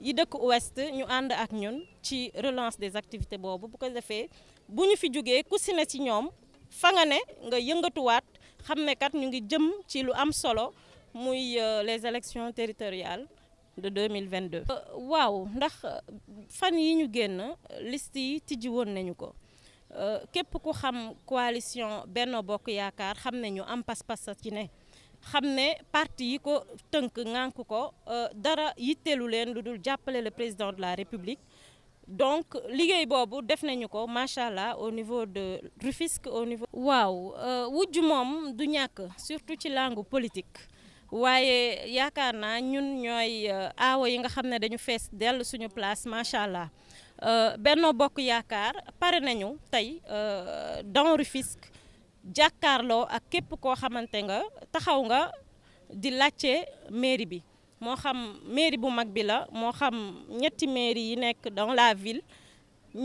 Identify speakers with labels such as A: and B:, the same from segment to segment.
A: yi dëkk ouest ñu ànd ak ñun ci relance des activités boobu bu ko defee bu ñu fi jógee ku si ci ñoom fa nga ne nga yëngatuwaat xam ne kat ñu ngi jëm ci lu am solo muy euh, les élections territoriales de 2022 euh, waaw ndax fan yi ñu génn liste yi tijji woon nañu ko euh, képp ku xam coalition Benno Bokk Yaakaar xam ne ñu am pas-pas ci ne xam ne parti yi ko tënk ŋànk ko euh, dara yitteelu leen lu dul jàppale le président de la république donc liggéey boobu def nañu ko macha allah au niveau de Rufisque au niveau. waaw euh, wujj moom du ñàkk surtout ci langue politique. waaye yaakaar naa ñun ñooy euh, aawo yi nga xam ne dañu fees dell suñu place macha allah Benno Bokk Yaakaar pare nañu tey dans Rufisque jàkkaarloo ak képp koo xamante nga taxaw nga di laajte mairie bi moo xam mairie bu mag bi la moo xam ñetti mairie yi nekk dans la ville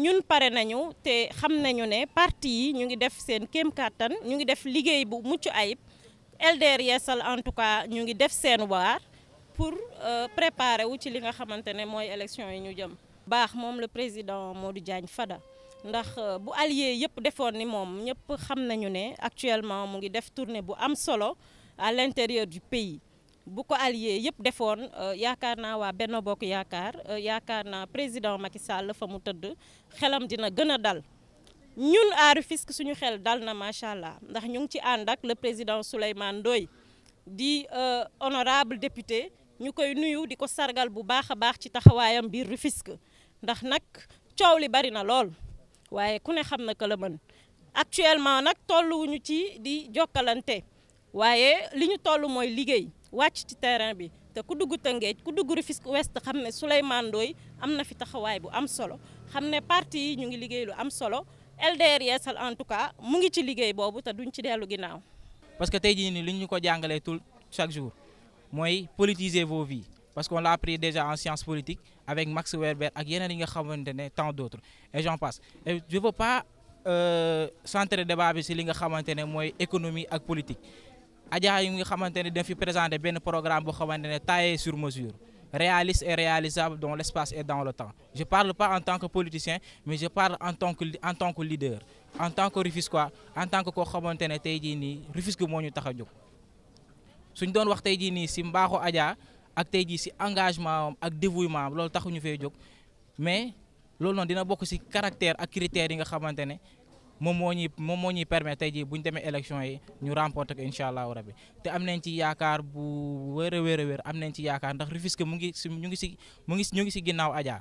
A: ñun pare nañu te xam nañu ne parti yi ñu ngi def seen kéem kàttan ñu ngi def liggéey bu mucc ayib LDR Yeesal en tout cas ñu ngi def seen waar pour euh, préparer wu ci li nga xamante ne mooy élection yi ñu jëm baax moom le président di Diagne Fada ndax euh, bu allier yëpp defoon ni moom ñëpp xam nañu ne actuellement mu ngi def tournée bu am solo à l'intérieur du pays bu ko allier yëpp defoon euh, yaakaar naa waa benn Bokk Yaakaar euh, yaakaar naa président Macky Sall fa mu tëdd xelam dina gën a dal ñun à Rufisque suñu xel dal na macha allah ndax ñu ngi ci ànd ak le président Souleymane Ndoye di honorable député ñu koy nuyu di ko sargal bu baax a baax ci taxawaayam biir Rufisque ndax nag coow li bari na lool. waaye ku ne xam na que la mën actuellement nag tolluwuñu ci di jokkalante waaye li ñu toll mooy liggéey wàcc ci terrain bi te ku dugg Tëngéej ku dugg Rufisque Ouest xam ne Souleymane Ndoye am na fi taxawaay bu am solo xam ne parti yi ñu ngi liggéey lu am solo LDR Yeesal en tout cas mu ngi ci liggéey boobu te duñ ci dellu ginnaaw.
B: parce que tey jii nii li ñu ko jàngalee tout chaque jour mooy politiser vos vies. parce qu'on l'a appris déjà en sciences politiques avec Max Weber ak yeneen yi nga xamante ne tant d'autres et j'en passe et je veux pas euh, centrer débat bi ci li nga xamante ne mooy économie ak politique Adja yi nga xamante ne dañ fi présenter benn programme boo xamante ne taillé sur mesure réaliste et réalisable dans l'espace et dans le temps je parle pas en tant que politicien mais je parle en tant que en tant que leader en tant que Rufisquois en tant que koo xamante ne tey jii nii Rufisque moo ñu tax a jóg suñ doon ak tey jii si engagement ak dévouement am loolu taxuñu fee jóg mais loolu noonu dina bokk si caractère ak critères yi nga xamante ne moom moo ñuy moom moo ñuy permettre tey jii bu ñu demee élection yi ñu remporter ko incha allahu rabi te am nañ ci yaakaar bu wér a wér am nañ ci yaakaar ndax Rufisque mu ngi si ñu ngi si mu ngi ñu ngi si ginnaaw Adja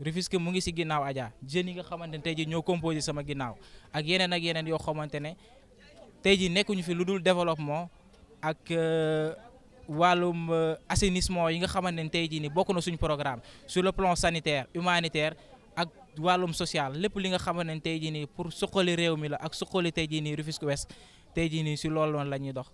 B: Rufisque mu ngi si ginnaaw Adja jeunes yi nga xamante ne tey jii ñoo composé sama ginnaaw ak yeneen ak yeneen yoo xamante ne tey jii nekkuñu fi lu dul développement ak. Euh, wàllum euh, assainissement yi nga xamante ne tey jii ni bokk na suñu programme su le plan sanitaire humanitaire ak wàllum social lépp li nga xamante ne tey jii nii pour suqali réew mi la ak suqali tey jii nii Rufisque Ouest tey ji nii si loolu noonu la ñuy dox